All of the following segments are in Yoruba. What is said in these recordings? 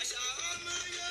Asha Amaya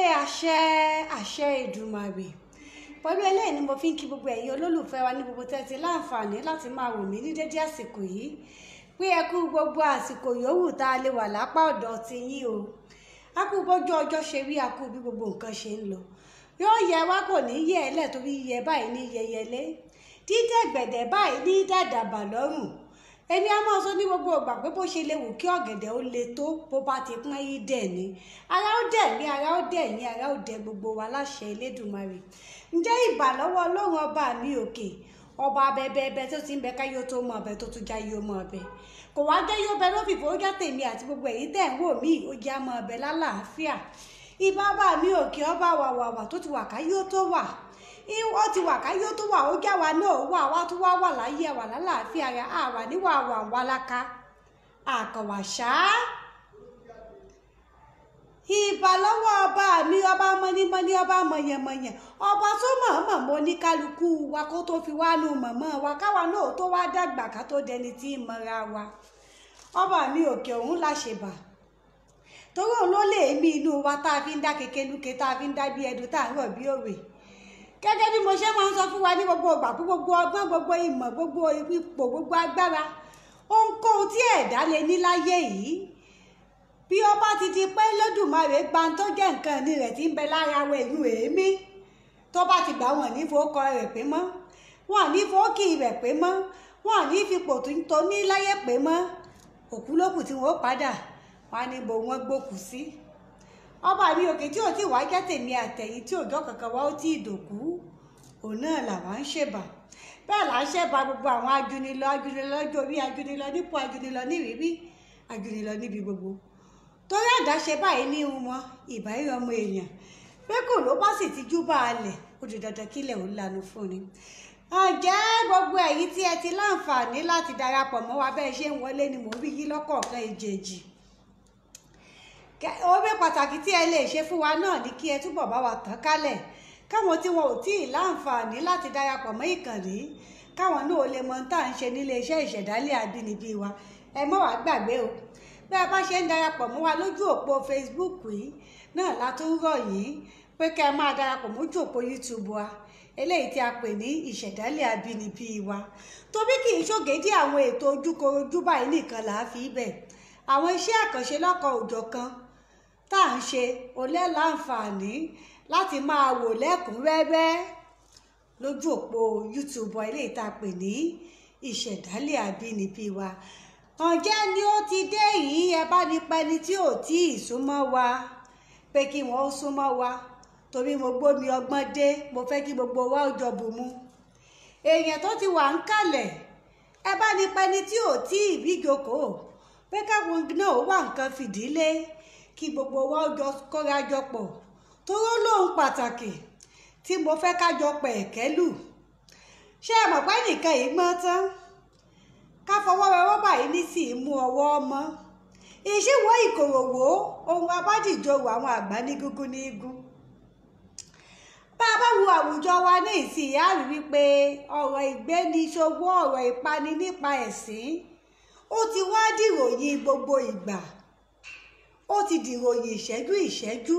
àṣẹ àṣẹ àṣẹ Èdùmàrè pẹ̀lú eléyìí ni mo fi ń kí gbogbo ẹ̀yin olólùfẹ́ wa ní gbogbo tẹ́tí láǹfààní láti máa wò mí ní dédé àsìkò yìí pé ẹ kú gbogbo àsìkò yòówù tá a lè wà lápá ọ̀dọ̀ ti yín o a kú bójú ọjọ́ ṣe rí a kú bí gbogbo nǹkan ṣe ń lọ yóò yẹ wá kò ní yẹ ẹ lẹ̀ torí yẹ báyìí ní yẹyẹlé dídẹ̀gbẹ̀dẹ̀ báyìí ní dàdàbà lọ́rùn èmi a máa sọ ní gbogbo ìgbà pé bó ṣe lè wù kí ọ̀gẹ̀dẹ̀ ó le tó bó bá ti yí ara ó dẹ̀ ara ó dẹ̀ ara ó dẹ̀ gbogbo wa láṣẹ Elédùmarè ǹjẹ́ ìbà lọ́wọ́ Ọlọ́run ọba mi òkè ọba abẹbẹbẹ tó ti ń bẹ káyé tó mọ ọbẹ tó tún já yé ọmọ ọbẹ kò wá jẹ́ yóò gbogbo èyí tẹ̀ ń wò mí ó mi òkè ọba wàwàwà tó ti wà ó ti wà káyé ó tó wà ó jáwa náà wà wá tó wá wà láyé àwà lálàáfíà rẹ àwà níwà wà wà láka àkànwà ṣá. ìbà lọ́wọ́ ọba mi ọba mọ́nímọ́ní ọba mọ̀yẹ̀mọ̀yẹ̀ ọba tó mọ̀ọ́mọ̀ mọ́ ní kálukú wa kó tó fi wá lu mọ̀mọ́ wa káwa náà tó wá dàgbà ká tó dẹni tí ì mọ̀ra wa ọba mi òkè òun láṣẹ̀bà torí òun ló lè mí inú wa tá a fi ń dá kékeré lúke tá a fi ń dá bí ẹdun tá a rọ̀ bí òwe gẹ́gẹ́ bí mo ṣe máa ń sọ fún wa ní gbogbo ìgbà fún gbogbo ọgbọ́n gbogbo ìmọ̀ gbogbo ipò gbogbo agbára ohunkóhun tí ẹ̀dá lè ní láyé yìí bí ó bá ti di pé lódùmarè gba jẹ́ nǹkan ní rẹ̀ ti ń bẹ lára wa ìlú èémí tó bá ti gbà wọ́n ní fowókọ rẹ̀ pé mọ́ wọ́n ní fowókì rẹ̀ pé mọ́ wọ́n ní fipò tó ní láyé pé mọ́ òkú lókù tí wọ́n padà wọ́n ní bo wọ́n gbókù sí ọba mi òkè tí ò tí wàá jẹ́ tèmi àtẹ̀yìn tí òjò kankan wá ó tí ì dòkú òun náà làwọn ń ṣèbà bẹ́ẹ̀ là ń ṣẹ̀bà gbogbo àwọn ajunilọ ajunilọ jorí ajunilọ nípò ajunilọ nírìírí ajunilọ níbi gbogbo torí àdáṣe báyìí ní ihun wọn ìbáyìí ọmọ èèyàn pé kò ló bá sì ti jú bá a lẹ̀ ó di dandan kílẹ̀ ò lanu fún ni. ǹjẹ́ gbogbo ẹ̀yin tí ẹ ti láǹfààní láti darapọ̀ mọ́ wa bẹ́ẹ̀ ṣe ń wọlé ni mò ń rí yí lọ́kọ̀ọ̀kan èjèèjì oore pàtàkì tí ẹ lè ṣe fún wa náà ni kí ẹ túbọ̀ bá wa tàn kálẹ̀ káwọn tí wọn ò tí ì láǹfààní láti darapọ̀ mọ́ ìkànnì káwọn náà lè mọ tá à ń ṣe nílé ìṣẹ̀dálẹ̀ àbínibí wa ẹ mọ́ wàá gbàgbé o bí a bá ṣe ń darapọ̀ mọ́ wa lójú òpó Facebook yìí náà la tún rọ̀ yín pé kẹ́ ẹ máa darapọ̀ mójú òpó YouTube wa eléyìí tí a pè ní ìṣẹ̀dálẹ̀ àbínibí wa tóbi kì í ṣògédé àwọn ètò ojúkorojú báyìí nìkan là á fi bẹ̀ àwọn iṣẹ́ àkànṣe lọ́kọ̀ òjọ̀ kan tá à ń ṣe olẹ́ láǹfààní láti máa wò lẹ́kùnrẹ́rẹ́ lójú òpó YouTube ilé ìta pè ní ìṣẹ̀dálẹ̀ àbínibí wa ọ̀jẹ́ ni ó ti dé yìí ẹ bá ní pẹni tí ò tí ì súnmọ́ wa pé kí wọ́n súnmọ́ wa torí mo gbómi ọgbọ́n dé mo fẹ́ kí gbogbo wa jọ bùnmu èèyàn tó ti wà ń kalẹ̀ ẹ bá ní pẹni tí ò tí ì bíjókòó pé káwọn náà wà nǹkan fìdílé kí gbogbo wa jọ kóra jọ pọ̀ tóró lóhun pàtàkì tí mo fẹ́ ká jọ pẹ̀ ẹ̀kẹ́ ṣé ẹ mọ̀ pé nìkan yìí gbọ́n tán ká fọwọ́ rẹ rọ́bà ní sì mú ọwọ́ ọmọ ìṣíwọ́ ìkòròwò ohun abájìjòrò àwọn àgbà ní gúngún ní igun bá a bá wo àwùjọ wa ní ìsinyìí á wípé ọ̀rọ̀ ìgbéniṣòwò ọ̀rọ̀ ìpani nípa ẹ̀sìn ó ti wá dìròyìn gbogbo ìgbà ó ti dìròyìn ìṣẹ́jú ìṣẹ́jú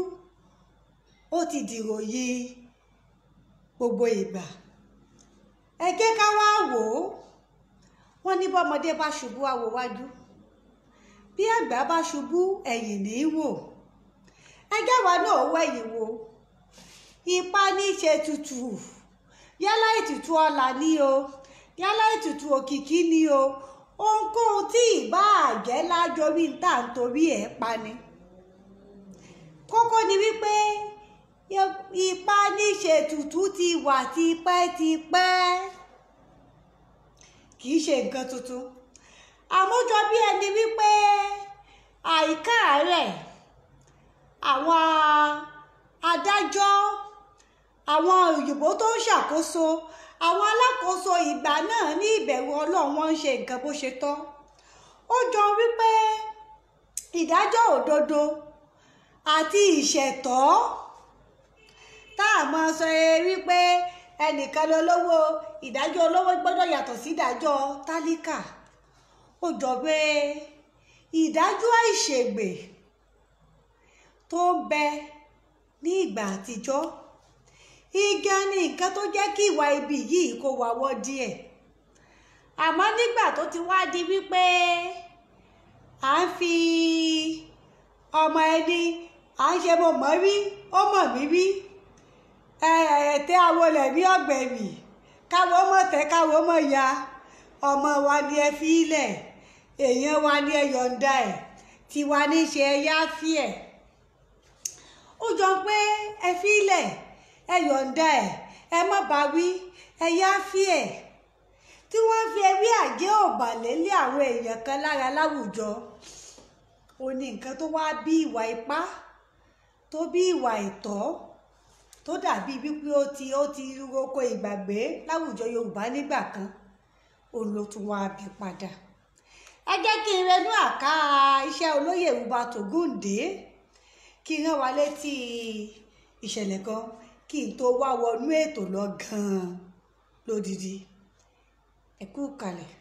ó ti dìròyé gbogbo ìgbà ẹ jẹ́ ká wá wò ó wọ́n ní bọ́mọdé bá ṣubú àwò wájú bí àgbà bá ṣubú ẹ̀yìn ní í wò ẹ jẹ́ wa náà wẹ̀yìn wò ipá ní í ṣe tutù yálà ètùtù ọlà ni o yálà ètùtù òkìkí ni o ohunkóhun tí ìbá àjẹ́ lájọ bí n tà ń torí ẹ̀ pa kókó ni wípé ipá níṣètùtù ti wà tipẹ́tipẹ́ kì í ṣe nǹkan tuntun àmójọ bí ẹni wípé àìká rẹ̀ àwọn adájọ́ àwọn òyìnbó tó ń ṣàkóso àwọn alákòóso ìgbà náà ní ìbẹ̀rù ọlọ́run ń ṣe nǹkan bó ṣe tọ́ ó jọ wípé ìdájọ́ òdodo àti ìṣẹ̀tọ́ tá a mọ sọ ẹ wípé ẹnìkan lolówó ìdájọ́ olówó gbọ́dọ̀ yàtọ̀ sí ìdájọ́ tálíkà ó jọ pé ìdájọ́ ìṣègbè tó ń bẹ ní ìgbà àtijọ́ igẹ ni nǹkan tó jẹ́ kí ìwà ibi yìí kó wàwọ́ díẹ̀ àmọ́ nígbà tó ti wá di wípé à ń fi ọmọ ẹni à ń ṣe mo mọ̀ rí ó mọ̀ mí rí ẹ̀ẹ́tẹ́ awolẹ̀ bí ọ̀gbẹ̀rì káwọ́ mọ̀ tẹ́ káwọ́ mọ̀ ya ọmọ wa ni ẹ fi ilẹ̀ èèyàn wa ni ẹ yọ̀ǹda ẹ̀ tiwa ní ṣe ẹ yá fí ẹ̀ ó jọ pé ẹ fi ilẹ̀ ẹ yọ̀ǹda ẹ̀ ẹ má bá wí ẹ yá fí ẹ̀ tí wọ́n fi ewé àjẹ́ òbàlẹ̀ lé àwọn èèyàn kan lára láwùjọ ó ní nǹkan tó wá bí ìwà ipá tó bí ìwà ìtọ́ tó dàbí wípé ó ti ó ti roko ìgbàgbé láwùjọ yorùbá nígbà kan òun ló tún wá bí padà ẹ jẹ́ kí n renú àká iṣẹ́ olóyè Uba Tògúndé kí n rán wa létí ìṣẹ̀lẹ̀ kan kí n tó wá wọnú ètò lọ gan-an lódìdí ẹ kú kalẹ̀.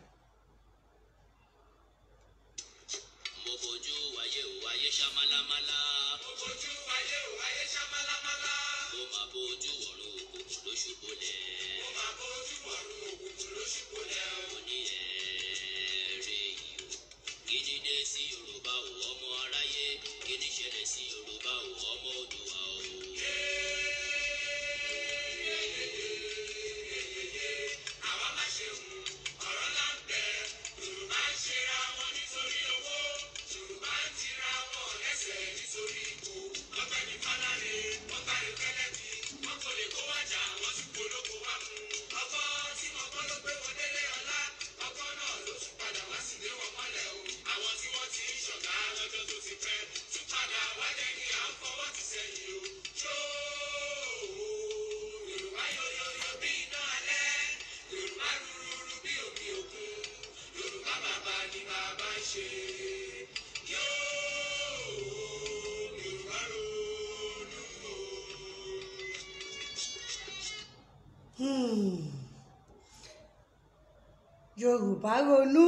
yorùbá ronú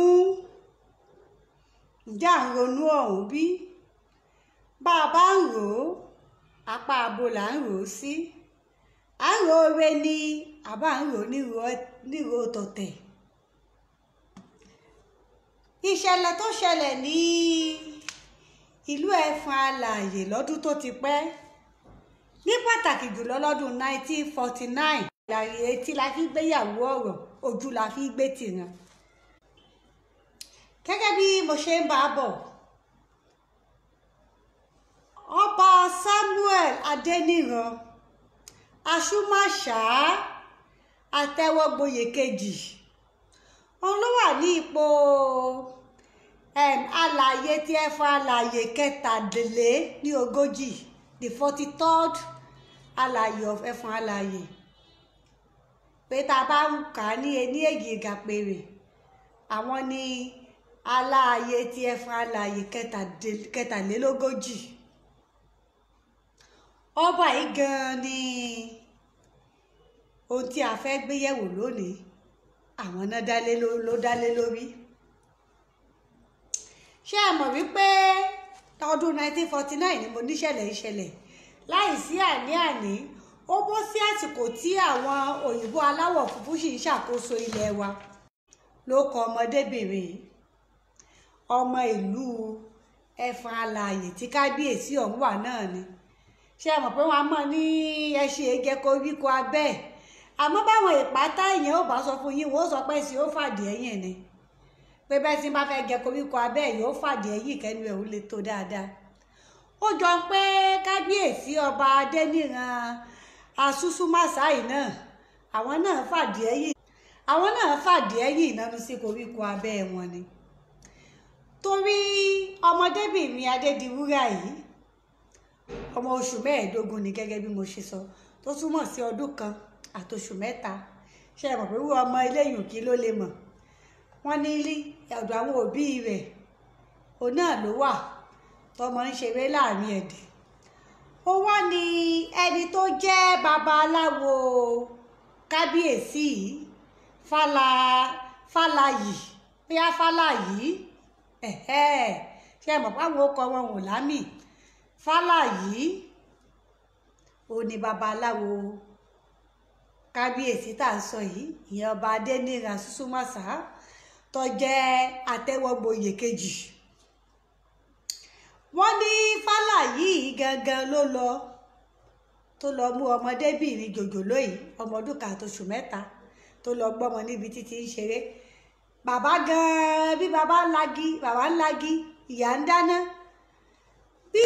ǹjẹ́ à ń ronú ọ̀hún bí bá a bá ń rò ó apá abo là ń rò ó sí à ń rò oore ni àbá ń rò níro tọ̀tẹ̀ ìṣẹ̀lẹ̀ tó ṣẹlẹ̀ ní ìlú ẹ̀fọn alààyè lọ́dún tó ti pẹ́ ní pàtàkì jùlọ lọ́dún 1949 ìlàrí etí la fi gbéyàwó ọ̀rọ̀ ojú la fi gbé tìran gẹ́gẹ́ bí mo ṣe ń bá a bọ̀ ọba Samuel Adéníran Aṣúmáṣá àtẹwọ́gboyè kejì òun ló wà ní ipò um, alàyè tí ẹ fa alàyè kẹtàdínlé ní ogójì the forty third alàyè of ẹfun alàyè pé tá a bá ń kà á ní ení èjì ìgàpèrè àwọn ni aláàyè tí ẹ fa aláàyè kẹtàlélógójì ọba yìí gan-an ni ohun tí a fẹ́ gbéyẹ̀wò lónìí àwọn náà dálé ló dálé lórí ṣé ẹ mọ̀ wípé ọdún 1949 ni mo níṣẹ̀lẹ̀ ìṣẹ̀lẹ̀ láì sí àní-àní ó bọ́ sí àsìkò tí àwọn òyìnbó aláwọ̀ funfun sì ń ṣàkóso ilẹ̀ wa ló kọ ọmọdébìnrin yìí ọmọ ìlú ẹfọn alààyè tí kábíyèsí ọ̀hún wà náà ni ṣé ẹ pé wọ́n á ní ẹṣin èjẹ koríko abẹ́ ẹ̀ báwọn ìpátá èèyàn ò bá sọ fún yín wọ́n sọ pé sí ó fàdí ẹ̀yìn ni pé bẹ́ẹ̀ tí bá fẹ́ jẹ koríko abẹ́ yóò fàdí ẹ̀yìn kẹ́nu ẹ̀ ó le tó dáadáa ó jọ pé kábíyèsí ọba adẹ́níran asúsúmásáì náà àwọn náà fàdí ẹ̀yìn àwọn náà fàdí ẹ̀yìn ìnánu sí koríko abẹ́ wọn ni ọmọdébìnrin adédiwúrà yìí ọmọ oṣù mẹ́ẹ̀ẹ́dógún ni gẹ́gẹ́ bí mo ṣe sọ tó túmọ̀ sí ọdún kan àtoṣù mẹ́ta ṣe mọ̀ pé ọmọ eléyìí kí ló lè mọ̀ wọ́n ní ọ̀dọ̀ àwọn òbí rẹ̀ òun náà ló wà tọmọ ń ṣeré láàrin ẹ̀dẹ̀ ó wá ní ẹni tó jẹ́ babaláwo kábíyèsí yìí bóyá fàlàyì ẹ̀hẹ́ ṣe mọ̀ páwọn ọkọ wọn ò lámì fàlàyé ó ní babaláwo kábíyèsí tá à ń sọ yìí ìyẹn ọba adẹ́nìran Ṣúṣúmàṣá tó jẹ́ àtẹ́wọ́gboyè kejì wọ́n ní fàlàyé gangan ló lọ tó lọ mú ọmọdébìnrin jòjòló yìí ọmọ ọdún kan àtòṣù mẹ́ta tó lọ gbọ́mọ níbi títí ń ṣeré bàbá gan-an bí bàbá ń lagi bàbá ń lagi ìyá ń dáná bí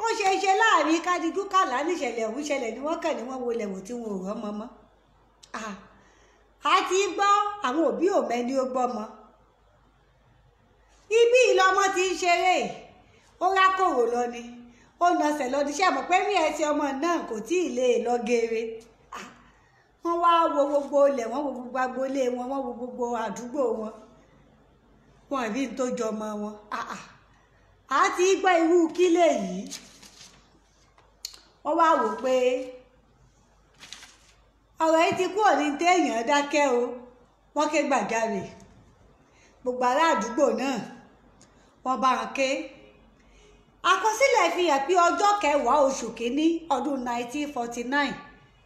wọ́n ṣe ṣe láàrin kádìdú kàlá níṣẹ̀lẹ̀ ọ̀hún ṣẹlẹ̀ ni wọ́n kàn ní wọ́n wọlé wò tí wọn ò rọ́mọ mọ́ a ti gbọ́ àwọn òbí ò mẹ́ni ó gbọ́mọ ibi ìlọmọ ti ń ṣeré ó rákòrò lọ ni ó nasẹ̀ lọ ní sẹ́mọ̀ pé rí ẹsẹ̀ ọmọ náà kò tí ì lè lọ geere wọ́n wá wo gbogbo ilẹ̀ wọ́n wo gbogbo agboolé wọn wọ́n wo gbogbo àdúgbò wọn wọn rí n tó jọmọ wọn. ah a ti gbọ́ irú kílẹ̀ yìí wọ́n wá wò pé ọ̀rọ̀ yìí ti kúrò ní téèyàn dákẹ́ o wọ́n ké gbàjarè gbogbo ará àdúgbò náà wọ́n bá wọn ké àkọsílẹ̀ fi hàn pé ọjọ́ kẹwàá oṣù kínní ọdún 1949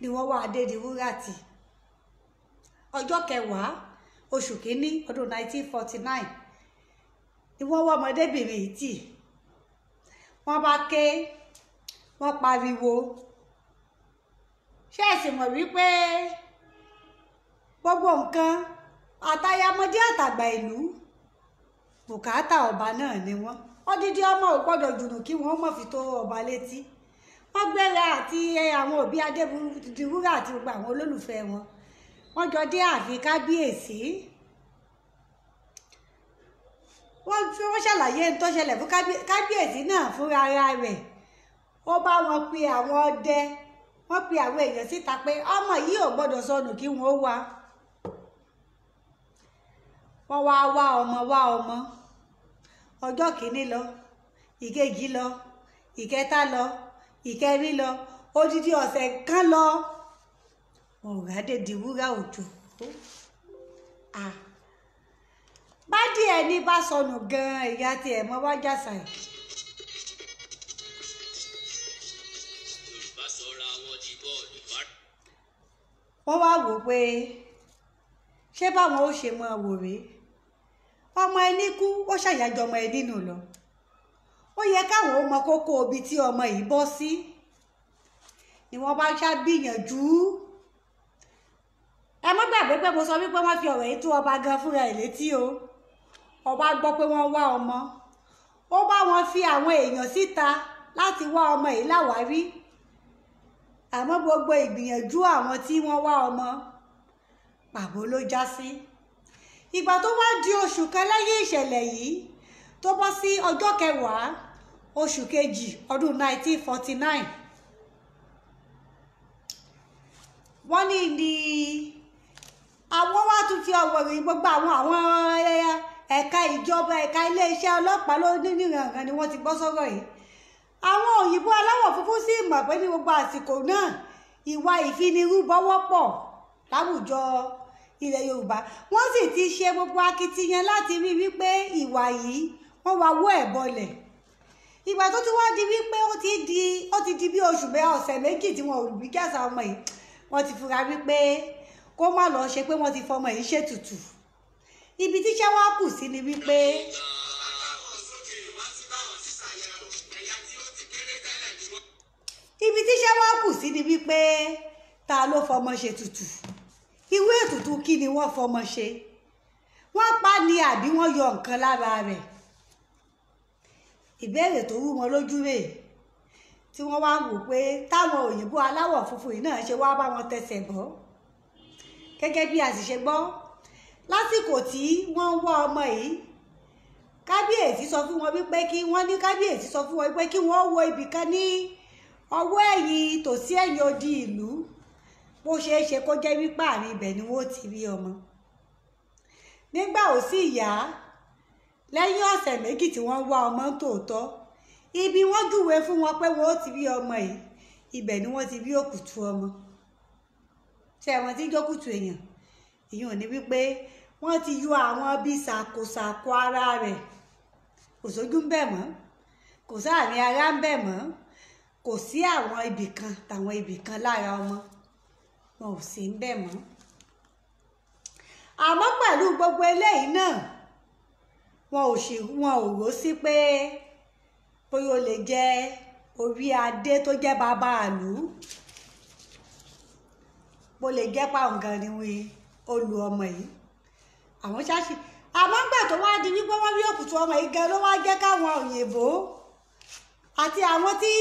ni wọ́n wá Adédiwúrà tì ọjọ́ kẹwàá oṣù kínní ọdún 1949 ni wọ́n wá ọmọdébìnrin yìí tì wọ́n bá ké wọ́n pariwo ṣé ẹ sì mọ̀ wípé gbogbo nǹkan àtayamọdé àtàgbà ìlú bùkátà ọba náà ni wọ́n odidi ọmọ ò gbọ́dọ̀ jùnù kí wọ́n mọ̀ fi tó ọba létí wọ́n gbéra àti àwọn òbí adébúrú àti gbogbo àwọn olólùfẹ́ wọn wọ́n jọ dé ààfin kábíyèsí wọ́n fi wọ́n ṣàlàyé tó ṣẹlẹ̀ fún kábíyèsí náà fúnra rẹ̀ ó bá wọn pe àwọn ọdẹ wọ́n pe àwọn èèyàn síta pé ọmọ yìí ò gbọ́dọ̀ sọnù kí wọ́n wá wọ́n wá wá ọmọ wá ọmọ ọjọ́ kìíní lọ ìkejì lọ ìkẹta lọ ìkẹrin lọ odidi ọ̀sẹ̀ kan lọ ọ̀rádé di òjò Ah bá díẹ̀ ní bá sọnù gan-an ìyá tiẹ̀ mọ́ wá jàsà yìí. wọ́n wá wò pé ṣé báwọn ó ṣe máa wò rèé ọmọ ẹni kú ó ṣàyàjọ ọmọ ẹni nù lọ ó yẹ káwọn ó mọ kókó ibi tí ọmọ yìí bọ́ sí ni wọ́n bá ṣá gbìyànjú ẹ má gbàgbé pé mo sọ wípé wọ́n fi ọ̀rọ̀ yìí tú ọba gan fúnra ẹ̀ létí o ọba gbọ́ pé wọ́n wá ọmọ ó bá wọn fi àwọn èèyàn síta láti wá ọmọ yìí láwárí àmọ́ gbogbo ìgbìyànjú àwọn tí wọ́n wá ọmọ pàbó ló já sí ìgbà tó wá di oṣù kan lẹ́yìn ìṣẹ̀lẹ̀ yìí tó bọ́ sí ọjọ́ kẹwàá oṣù kejì ọdún 1949 wọ́n ní ni àwọn wá tún fi ọ̀wọ̀ rìn gbogbo àwọn àwọn ẹyẹ ẹ̀ka ìjọba ẹ̀ka iléeṣẹ́ ọlọ́pàá ló ní nìrànràn ni wọ́n ti gbọ́ sọ́rọ̀ yìí àwọn òyìnbó aláwọ̀ funfun sì mọ̀ pé ní gbogbo àsìkò náà ìwà ìfinirúbọ wọ́pọ̀ láwùjọ ilẹ̀ yorùbá wọ́n sì ti ṣe gbogbo akitiyan láti rí wípé ìwà yìí wọ́n wá wọ́ ẹ̀ bọlẹ̀ ìgbà tó ti wá di wípé ó ti di ó ti di bí oṣù bẹ́ẹ̀ ọ̀sẹ̀ méjì tí wọn ò rí gàṣà ọmọ yìí wọ́n ti fura wípé kó má lọ ṣe pé wọ́n ti fọmọ yìí ṣètùtù ibi tíṣẹ́ wá kù sí ni wípé. ibi tíṣẹ́ wá kù sí ni wípé ta ló fọmọ ṣe tutù ìwé ètùtù kí ni wọ́n fọmọ ṣe wọ́n pa ni àbí wọ́n yọ nǹkan lára rẹ̀ ìbéèrè tó rú wọn lójú rèé tí wọ́n wá wò pé táwọn òyìnbó aláwọ̀ funfun yìí náà ṣe wá bá wọn tẹsẹ̀ bọ́ gẹ́gẹ́ bí a sì ṣe gbọ́ lásìkò tí wọ́n ń wá ọmọ yìí kábíyèsí sọ fún wọn wípé kí wọ́n ní kábíyèsí sọ fún wọn wípé kí wọ́n wo ibìkan ní ọwọ́ ẹ̀yìn tòsí ẹ̀yìn odi ìlú bó ṣeé ṣe kó jẹ́ wípé àárín ibẹ̀ ni wọ́n ti rí ọmọ nígbà ò sí ìyá lẹ́yìn ọ̀sẹ̀ méjì tí wọ́n wá ọmọ tòótọ́ ibi wọ́n júwe fún wọn pé wọ́n ti rí ọmọ yìí ibẹ̀ ni wọ́n ti rí òkùtù ọmọ ṣé ẹ̀wọ̀n tí jókùtù èèyàn ìyẹn ò ní wípé wọ́n ti yọ àwọn bíi ṣàkóṣàkó ara rẹ̀ kò sójú ń bẹ̀ mọ́ kò sáàrin ara ń bẹ̀ mọ́ kò sí àwọn ibì kan tàwọn ibì kan lára ọmọ wọn ò sí ń bẹ̀ mọ́ àmọ́ pẹ̀lú gbogbo eléyìí náà wọn ò sì wọn ò rò sí pé bóyá o lè jẹ orí adé tó jẹ́ bàbá àlù bó lè jẹ́ pàǹgànìwìn olù ọmọ yìí àwọn ṣáṣì àmọ́ tó wá di wípé wọ́n rí òkùtù ọmọ yìí ló wá jẹ́ káwọn òyìnbó àti àwọn tí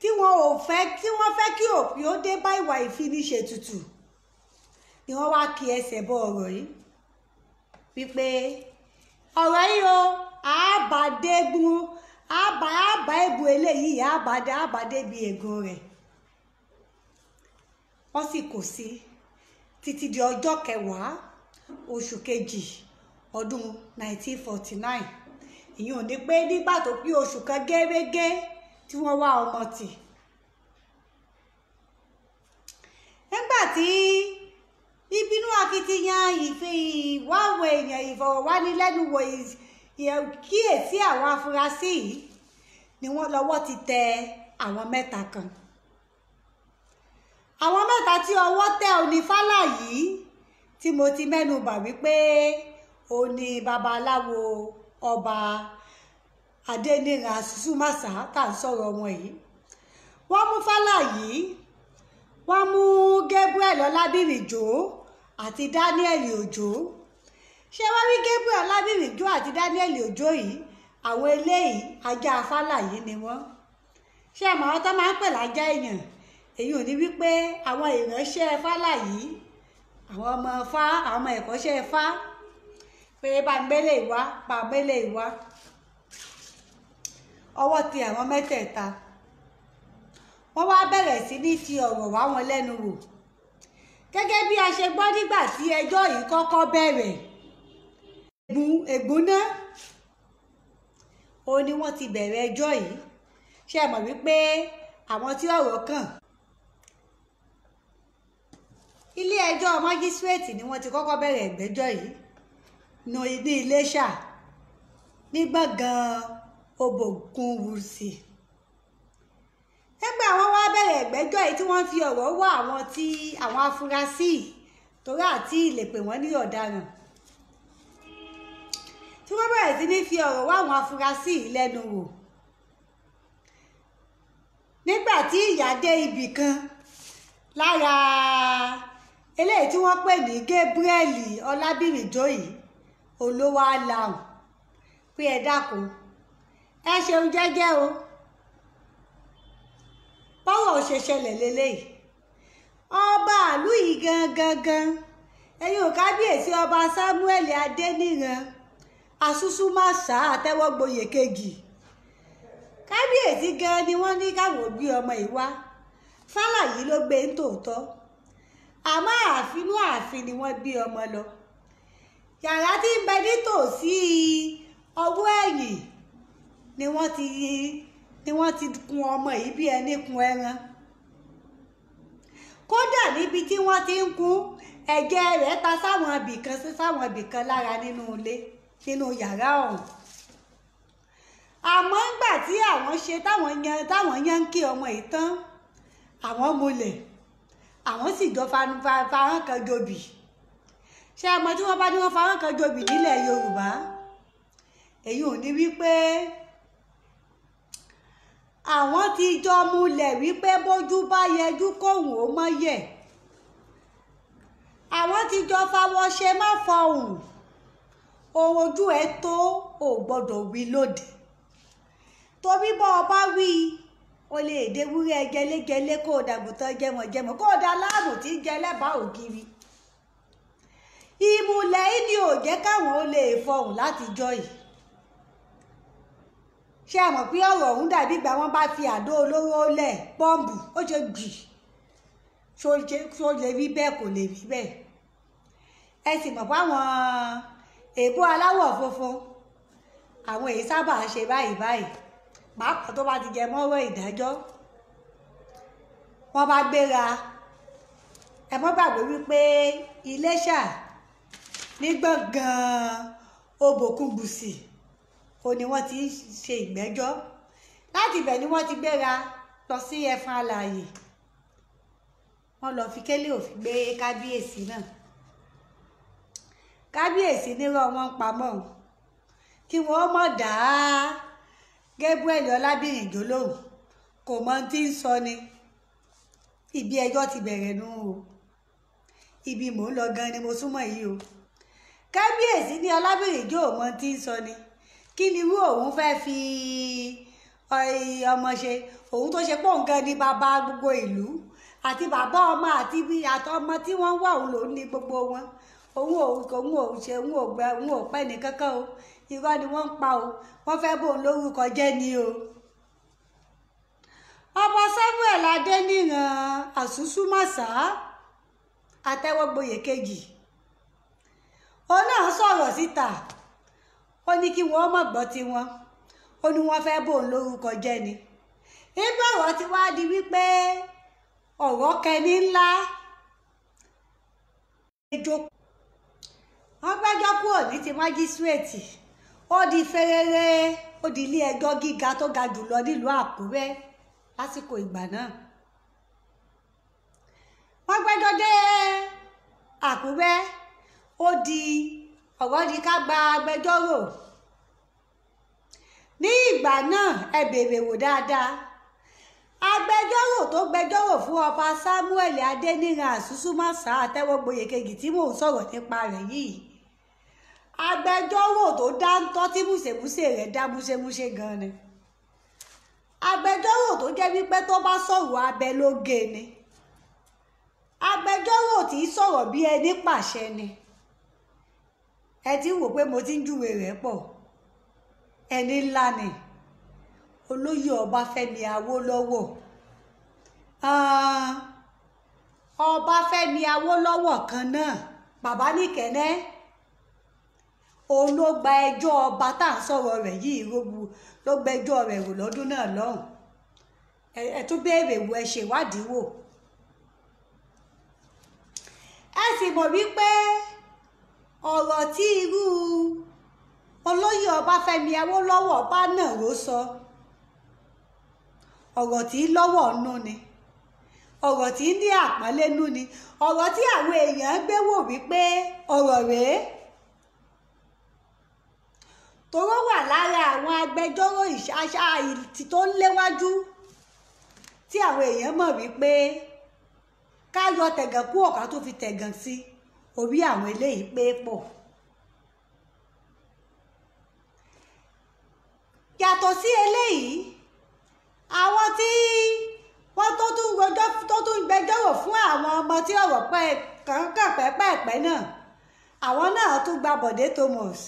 tí wọn ò fẹ́ tí wọ́n fẹ́ kí òpì ó dé bá ìwà ìfiniṣètùtù ni wọ́n wá kí ẹsẹ̀ bọ ọ̀rọ̀ yìí wípé ọ̀rọ̀ yìí o àbàdégun àbà àbà èbù eléyìí àbàdé àbàdé bíi ègún rẹ̀ wọ́n sì kò sí títí di ọjọ́ kẹwàá oṣù kejì ọdún 1949 ìyẹn ò ní pé nígbà tó pé oṣù kan gẹ́gẹ́ tí wọ́n wá ọmọ tì nígbà tí ìbínú akitiyan ìfẹ́ ìwáwọ̀ èèyàn ìfọ̀rọ̀wánilẹ́nuwò kíyèsí àwọn afurasí yìí ni wọ́n lọ́wọ́ ti tẹ àwọn mẹ́ta kan àwọn mẹ́ta tí ọwọ́ tẹ onífálà yìí tí mo ti mẹ́nu bà wípé ó ní babaláwo ọba adẹ́nìran Ṣùṣùmàṣà tá à ń sọ̀rọ̀ wọn yìí wọ́n mú fálà yìí wọ́n mú Gabriel Ọlábìrìjó àti Daniel Òjó ṣé wọ́n rí Gabriel Ọlábìrìjó àti Daniel Òjó yìí àwọn eléyìí ajá fálà yìí ni wọ́n ṣé àmọ́ àwọn tó máa ń pè lájá èèyàn èyí ò ní wípé àwọn ìránṣẹ́ fálà yìí àwọn ọmọ fá àwọn ẹ̀kọ́ṣẹ́ fá pé bá gbélé ìwá pa gbélé ìwá ọwọ́ ti àwọn mẹ́tẹ̀ẹ̀ta wọ́n wá bẹ̀rẹ̀ sí ní ti ọ̀rọ̀ wá wọn lẹ́nu wò gẹ́gẹ́ bí a ṣe gbọ́ nígbà tí ẹjọ́ yìí kọ́kọ́ bẹ̀rẹ̀ ègbúná ó ní wọ́n ti bẹ̀rẹ̀ ẹjọ́ yìí ṣe mọ̀ wípé àwọn tí ọ̀rọ̀ kàn ilé-ẹjọ́ májísrèètì ni wọ́n ti kọ́kọ́ bẹ̀rẹ̀ ìgbẹ́jọ́ yìí nù ní Iléṣà ní gbọ̀ngàn Ọbọ̀gun Wúsì nígbà wọ́n wá bẹ̀rẹ̀ ìgbẹ́jọ́ yìí tí wọ́n fi ọ̀rọ̀ wá àwọn tí àwọn afurasí torí àti ìlèpè wọ́n ní ọ̀daràn tí wọ́n bẹ̀rẹ̀ sí ní fi ọ̀rọ̀ wá àwọn afurasí yìí lẹ́nu wò nígbà tí ìyá dé ibì kan lára eléyìí tí wọ́n pè ní Gabriel Ọlábìrìjọ́yì olówó aláhùn pé ẹ dákun ẹ ṣeun jẹ́jẹ́ o bọ́wọ́ ò ṣe ṣẹlẹ̀ lélẹ́yìí ọba àlú yìí gangan ẹ̀yin ò kábíyèsí ọba Samuel Adéníran asusumasa àtẹwọ́gboyè kejì kábíyèsí gan ni wọ́n ní káwọn gbé ọmọ yìí wá fálàyí ló gbé ń tòótọ́ àmọ́ àfinú àfin ni wọ́n gbé ọmọ lọ yàrá tí ń bẹ nítòsí ọwọ́ ẹ̀yìn ni wọ́n ti ni wọ́n ti kun ọmọ yìí bí ẹni kun ẹran kódà níbi tí wọ́n ti ń kú ẹ̀jẹ̀ rẹ̀ ta sáwọn ibìkan sí sáwọn ibìkan lára nínú ilé nínú yàrá ọ̀hún àmọ́ ńgbà tí àwọn ṣe táwọn yan táwọn yan ń kí ọmọ yìí tán àwọn molẹ̀ àwọn sì jọ farahàn kan jobì ṣé ẹ mọ̀ tí wọ́n bá ní wọ́n farahàn kan jobì nílẹ̀ Yorùbá èyí ò ní wípé àwọn ti jọ múlẹ̀ wípé bójú bá yẹjú kóhùn ó mọ́ yẹ̀ àwọn ti jọ fawọ́ ṣe má fọhùn ohun ojú ẹ tó ò gbọ́dọ̀ wí lóde torí bọ́ ọ bá wí o lè dé wúrẹ́ gẹlẹ́gẹlẹ́ kó o dàgùtàn jẹmọ̀jẹmọ kó o da láàmù tí ń jẹ lẹ́bàá ògiri ìmùlẹ̀ yìí ni ò jẹ́ káwọn ó lè fọhùn látijọ́ yìí ṣé ẹ mọ̀ pé ọ̀rọ̀ ọ̀hún dàbí ìgbà wọn bá fi àdó olóró lẹ̀ pọ́ǹbù ó ṣe gbì ṣó lè rí bẹ́ẹ̀ kò lè rí bẹ́ẹ̀ ẹ sì mọ̀ fáwọn èèbó aláwọ̀ funfun àwọn èyí sábà ṣe báyìí báyìí pàápàá tó bá ti jẹ mọ́rọ̀ ìdájọ́ wọ́n bá gbéra ẹ mọ́ gbàgbé wípé Iléṣà ní gbọ̀ngàn Obòkunbùsì ó ní wọ́n ti ń ṣe ìgbẹ́jọ́ láti ibẹ̀ ni wọ́n ti gbéra lọ sí Ẹfọ̀n Alààyè wọ́n lọ fi kélé òfin gbé kábíyèsí náà kábíyèsí nírọ̀ wọn pamọ́ kí wọ́n mọ̀ dáa gabriel ọlábìrìnjò lòun kò mọ tí ń sọ ni ibi ẹjọ́ ti bẹ̀rẹ̀ nù o ibi mò ń lọ gan ni mo súnmọ́ yìí o kábíyèsí ní ọlábìrìnjò mọ tí ń sọ ni kí ni irú òun fẹ́ fi ọmọ ṣe òun tó ṣe pé gan ni bàbá gbogbo ìlú àti bàbá ọmọ àti àtọmọ tí wọ́n wà òun lòún ní gbogbo wọn òun ò òun ò ṣe òun ò gbẹ òun ò pẹ́ nìkankan o irọ́ ni wọ́n ń pa o wọ́n fẹ́ bóun lórúkọ jẹ́ ni o. ọmọ samuel adéníran àsúnṣúmọ̀sá àtẹwọ́gboyè kejì òun náà sọ̀rọ̀ síta ó ní kí wọ́n mọ̀ gbọ́ tiwọn ó ní wọ́n fẹ́ bóun lórúkọ jẹ́ ni nígbà ọ̀rọ̀ ti wá di wípé ọ̀rọ̀ kẹni ńlá ejò wọ́n gbẹ́jọ́ kúrò ní ti májísírèètì ó di fẹ́rẹ́rẹ́ ó di ilé ẹjọ́ gíga tó ga jùlọ nílùú àkúrẹ́ lásìkò ìgbà náà wọ́n gbẹ́jọ́ dé àkúrẹ́ ó di ọ̀rọ̀ di ká gba agbẹjọ́rò ní ìgbà náà ẹ bèrè wò dáadáa agbẹjọ́rò tó gbẹjọ́rò fún ọba Samuel Adéníran Àsúsúmọ̀sá àtẹwọ́gboyè kejì tí mò ń sọ̀rọ̀ nípa rẹ̀ yìí agbẹjọ́rò tó dáńtọ́ tí bùṣebùṣe rẹ̀ dá bùṣebùṣe gan ni agbẹjọ́rò tó jẹ́ wípé tó bá sọ̀rọ̀ abẹ ló gé ni agbẹjọ́rò tí sọ̀rọ̀ bí ẹni pàṣẹ ni ẹ ti wò pé mo ti ń júwe rẹ̀ pọ̀ ẹni ńlá ni olóyè ọbáfẹ́mi awólọ́wọ̀ ah, ọbáfẹ́mi awólọ́wọ̀ kan náà bàbá nìkẹ́nẹ́ òun ló gba ẹjọ́ ọba tá à ń sọ̀rọ̀ rẹ̀ yìí rogbu ló gbẹjọ́ rẹ̀ rò lọ́dún náà lọ́hùn ẹ tún béèrè wo ẹ ṣèwádìí wò ẹ sì mọ̀ wípé ọ̀rọ̀ tí irú olóyè ọbáfẹ́mi awólọ́wọ̀ bá náà ló sọ ọ̀rọ̀ tí lọ́wọ́ nú ni ọ̀rọ̀ tí ní àpọ́nlé ni ọ̀rọ̀ tí àwọn èèyàn gbé wò wípé ọ̀rọ̀ rèé tọ́rọ̀ wà lára àwọn agbẹjọ́rò ìṣàṣà tó ń léwájú tí àwọn èèyàn mọ̀ wípé ká yọ tẹ̀gàn kú ọ̀ká tó fi tẹ̀gàn sí orí àwọn eléyìí pé pọ̀. yàtọ̀ sí eléyìí àwọn tí wọ́n tó tún gbẹjọ́ tó tún gbẹjọ́rò fún àwọn ọmọ tí ọ̀rọ̀ pẹ́ kàn kàn pẹ́pẹ́pẹ́ náà àwọn náà tún gba Bọ̀dé Thomas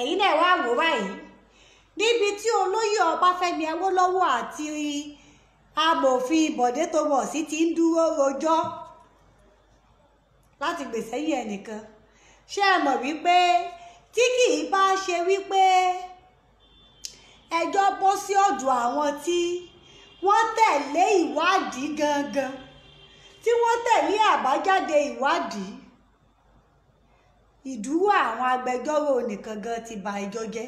ẹ̀yin náà wá wò báyìí níbi tí olóyè ọbáfẹ́mi awólọ́wọ̀ àti amòfin bọ̀dé tó wọ̀ sí ti ń dúró rojọ́ láti gbèsè yìí ẹnìkan ṣé ẹ mọ̀ wípé tí kì bá ṣe wípé ẹjọ́ bọ́ sí ọ̀dọ̀ àwọn tí wọ́n tẹ̀lé ìwádìí gangan tí wọ́n tẹ̀lé àbájáde ìwádìí ìdúró àwọn agbẹjọ́rò nìkan gan ti ba ẹjọ́ jẹ́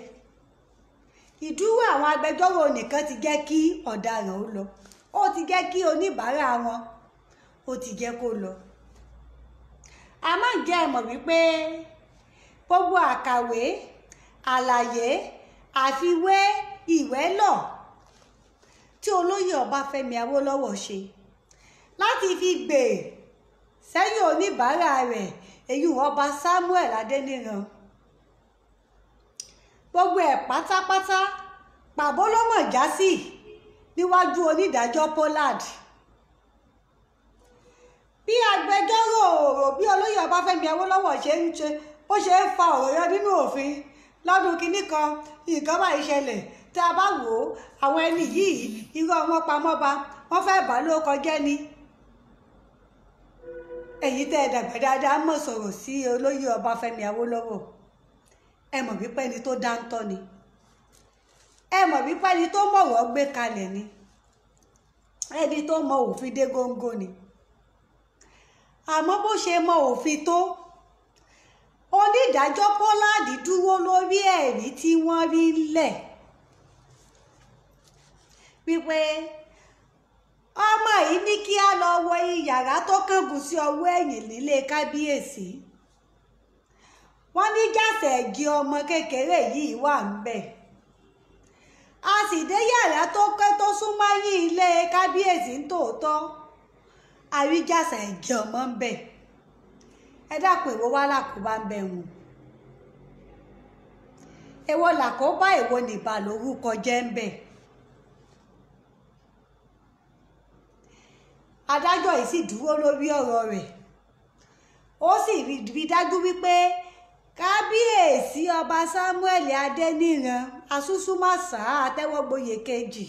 ìdúró àwọn agbẹjọ́rò nìkan ti jẹ́ kí ọ̀daràn ó lọ ó ti jẹ́ kí oníbàárà wọn ó ti jẹ́ kó lọ a máa ń jẹ́ ẹ̀mọ̀ wípé gbogbo àkàwé àlàyé àfiwé ìwélọ̀ tí olóyè Ọbáfẹ́mi Awólọ́wọ̀ ṣe láti fi gbè sẹ́yìn oníbàárà rẹ̀ èyí ọba Samuel Adéníran gbogbo ẹ̀ pátápátá pàbó ló mọ̀ já sí níwájú onídàájọ́ Pollard bí agbẹjọ́rò ọ̀rọ̀ bí olóyè Ọbáfẹ́mi Awólọ́wọ̀ ṣe ń ṣe bó ṣe ń fa ọ̀rọ̀ yọ nínú òfin lọ́dún kínní kan nǹkan báyìí ṣẹlẹ̀ tá a bá wò ó àwọn ẹni yìí irọ́ wọn pamọ́ ba wọ́n fẹ́ bà ló kọjá ni ẹ̀yin tẹ́ ẹ dàgbà dáadáa mọ̀ sọ̀rọ̀ sí olóyè ọbáfẹ́mi awólọ́wò ẹ mọ̀ wípé ẹni tó dáńtọ́ ni ẹ mọ̀ wípé ẹni tó mọ̀wọ́ gbé kalẹ̀ ni ẹni tó mọ òfin dé góńgó ni àmọ́ bó ṣe mọ òfin tó onídàájọ́ pọ́láàdì dúró lórí ẹ̀rí tí wọ́n rí lẹ̀ wípé ọmọ yìí ní kí a lọ wọ iyàrá tó kángun sí ọwọ́ ẹ̀yìn nílé kábíyèsí wọ́n ní jàsẹ̀gì ọmọ kékeré yìí wà ń bẹ̀ a sì dé yàrá tó kẹ́ tó súnmọ́ yí ilé kábíyèsí ń tòótọ́ ọmọ ẹ èwo wá làkóbá wọn èwo làkóbá èwo nìbà adájọ́ yìí sì dúró lórí ọ̀rọ̀ rẹ̀ ó sì rí dájú wípé kábíyèsí ọba Samuel Adéníran asúsúmọ̀sá àtẹ́wọ́gboyè kejì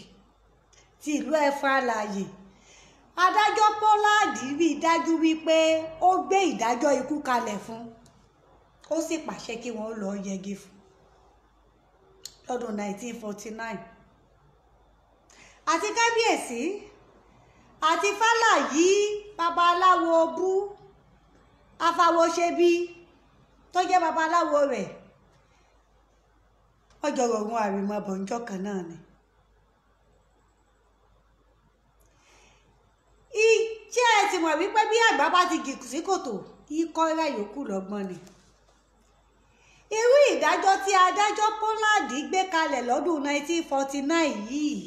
ti ìlú Ẹ̀fà láàyè adájọ́ pọ́láàdì rí dájú wípé ó gbé ìdájọ́ ikú kalẹ̀ fún ó sì pàṣẹ kí wọ́n lọ yẹgi fún lọ́dún 1949 àti kábíyèsí. Si, àti fàlàyé babaláwo bú afàwọṣebi tó jẹ́ babaláwo rẹ̀ ọjọ́ ọ̀run àrèmabọ̀njọ́ kan náà ni. ṣé ẹ ti mọ̀ wípé bí àgbà bá ti gìkù sí kòtò ikọ́ rẹ̀ yòókù lọ́gbọ́n ni. irú ìdájọ́ tí adájọ́ Pọ́nládì gbé kalẹ̀ lọ́dún 1949 yìí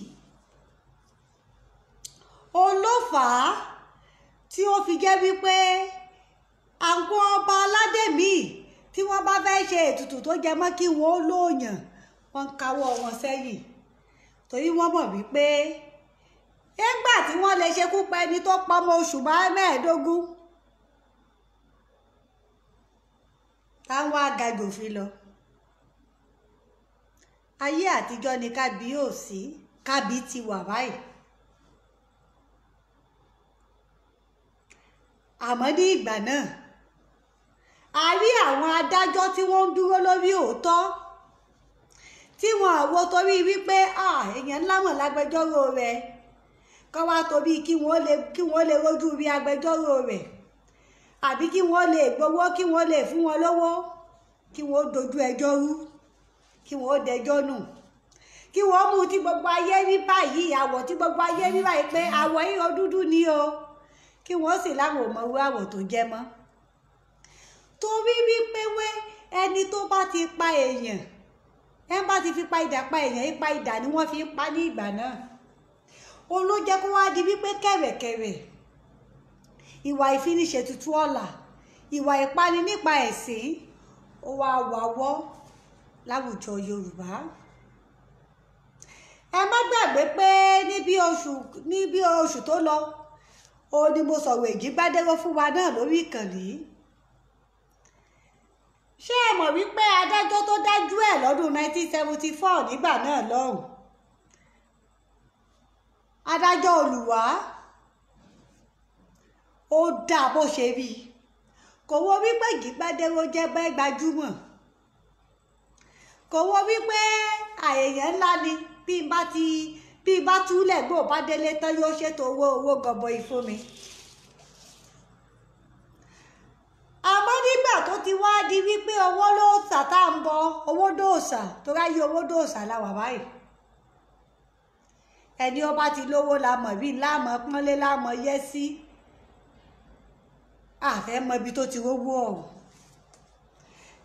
olófàá tí ó fi jẹ́ wípé àwọn ọba aládé míì tí wọ́n bá fẹ́ ṣe ètùtù tó jẹ mọ́ kí wọ́n lóòyàn wọ́n kawọ́ wọn sẹ́yìn torí wọ́n mọ̀ wípé nígbà tí wọ́n lè ṣekú pa ẹni tó pa ọmọ oṣù mẹ́ẹ̀ẹ́dógún táwọn agagòfin lọ ayé àtijọ́ ni kábíyèsí kábí ti wà báyìí. àmọ́ ní ìgbà náà a rí àwọn adájọ́ tí wọ́n ń dúró lórí òótọ́ tí wọn àwo torí wípé èèyàn ńlá lágbẹjọ́rò rẹ̀ kọ́ wá torí kí wọ́n lè rojú rí agbẹjọ́rò rẹ̀ àbí kí wọ́n lè gbowó kí wọ́n lè fún wọn lówó kí wọ́n dojú ẹjọ́ rú kí wọ́n dẹjọ́ nù kí wọ́n mú tí gbogbo ayé rí báyìí àwọ̀ tí gbogbo ayé rí báyìí pé àwọ̀ yíyan dúdú ni o kí wọ́n sì láwọn ò mọ irú àwọ̀ tó jẹ́ mọ́ torí wípé wé ẹni tó bá ti pa èèyàn ẹ bá ti fi pa idà pa èèyàn ipa idà ni wọ́n fi ń pa ní ìgbà náà olójẹ́ kó wá di wípé kẹ̀rẹ̀kẹ̀rẹ̀ ìwà ìfiniṣètùtù ọ̀la ìwà ìpani nípa ẹ̀sìn ó wá wàwọ́ láwùjọ Yorùbá ẹ má gbàgbé pé ní bí oṣù tó lọ ó ní mo sọ̀rọ̀ Èjìgbádéró fún wa náà lórí ìkànnì ṣé ẹ mọ̀ wípé adájọ́ tó dájú ẹ̀ lọ́dún 1974 nígbà náà lọ́hùn adájọ́ Olùwà ó dá bó ṣe rí i kò wo wípé Èjìgbádéró jẹ́ bẹ́ẹ̀ gbajúmọ̀ kò wo wípé àyèyàn ńlá ni bí n bá ti bí bá túlẹ̀ gbò bá délé tán yóò ṣètò owó owó gọbọi fún mi. àmọ́ nígbà tó ti wá di wípé owó lóòsà tá à ń bọ owó dòòsà tó ráyé owó dòòsà la báyìí ẹni ọba ti lówó la mọ̀ bí láàmọ̀ pọ́nlé láàmọ̀ yẹ́ sí àfẹ́ mọ ibi tó ti rówó ọ̀hún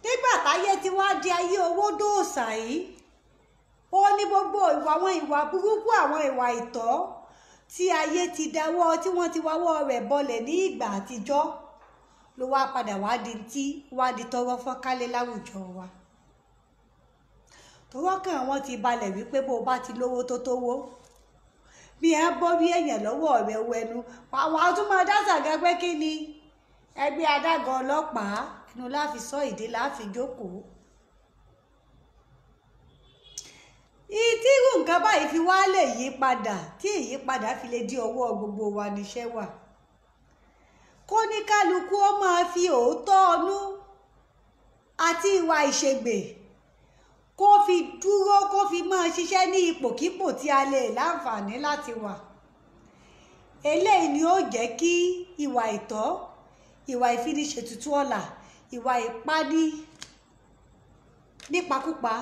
nígbà táyé ti wá di ayé owó dòòsà yìí ó ní gbogbo ìwà àwọn ìwà burúkú àwọn ìwà ìtọ́ tí ayé ti dáwọ́ tí wọ́n ti wáwọ́ rẹ̀ bọlẹ̀ ní ìgbà àtijọ́ ló wá padà wá di tí wá di tọrọ fọ́nkálẹ̀ láwùjọ wa tọrọ kan wọn ti balẹ̀ wípé bó o bá ti lówó tó tówó bí ẹ bọ́ bí èèyàn lọ́wọ́ rẹ̀ wẹnu àwọn tún máa dá sàgá pé kí ni ẹgbẹ́ adágan ọlọ́pàá inú láfi sọ ìdí láfi jókòó. ìtírù nǹkan báyìí fi wá lè yí padà tí ìyípadà fi lè di ọwọ́ gbogbo wa níṣẹ́ wà kó ní kálukú ó máa fi òótọ́ ọnú àti ìwà ìṣègbè kó fi dúró kó fi máa ṣiṣẹ́ ní ipòkípò tí a lè láǹfààní láti wà eléyìí ni ó jẹ́ kí ìwà ìtọ́ ìwà ìfiniṣètùtù ọ̀la ìwà ìpani nípakúpa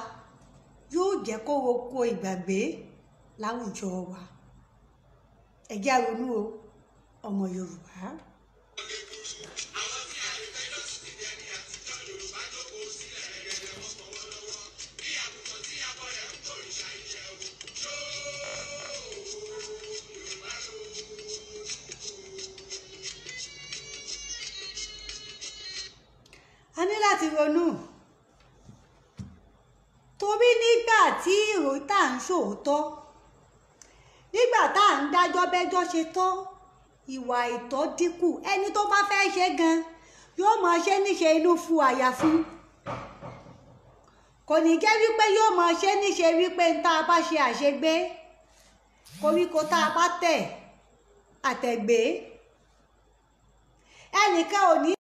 yóò jẹ́ kó roko ìgbàgbé láwùjọ wa ẹ jẹ́ á ronú o ọmọ Yorùbá. a ní láti ronú torí nígbà tí ìròyìn tá à ń ṣòótọ́ nígbà tá à ń dájọ́ bẹ́jọ́ ṣe tán ìwà ìtọ́ dínkù ẹni tó bá fẹ́ ṣe gan yóò máa ṣe níṣe inú fu àyàfi kò ní jẹ́ wípé yóò máa ṣe níṣe wípé tá a bá ṣe àṣegbé koríko tá a bá tẹ̀ àtẹ̀gbé ẹnìkan ò ní.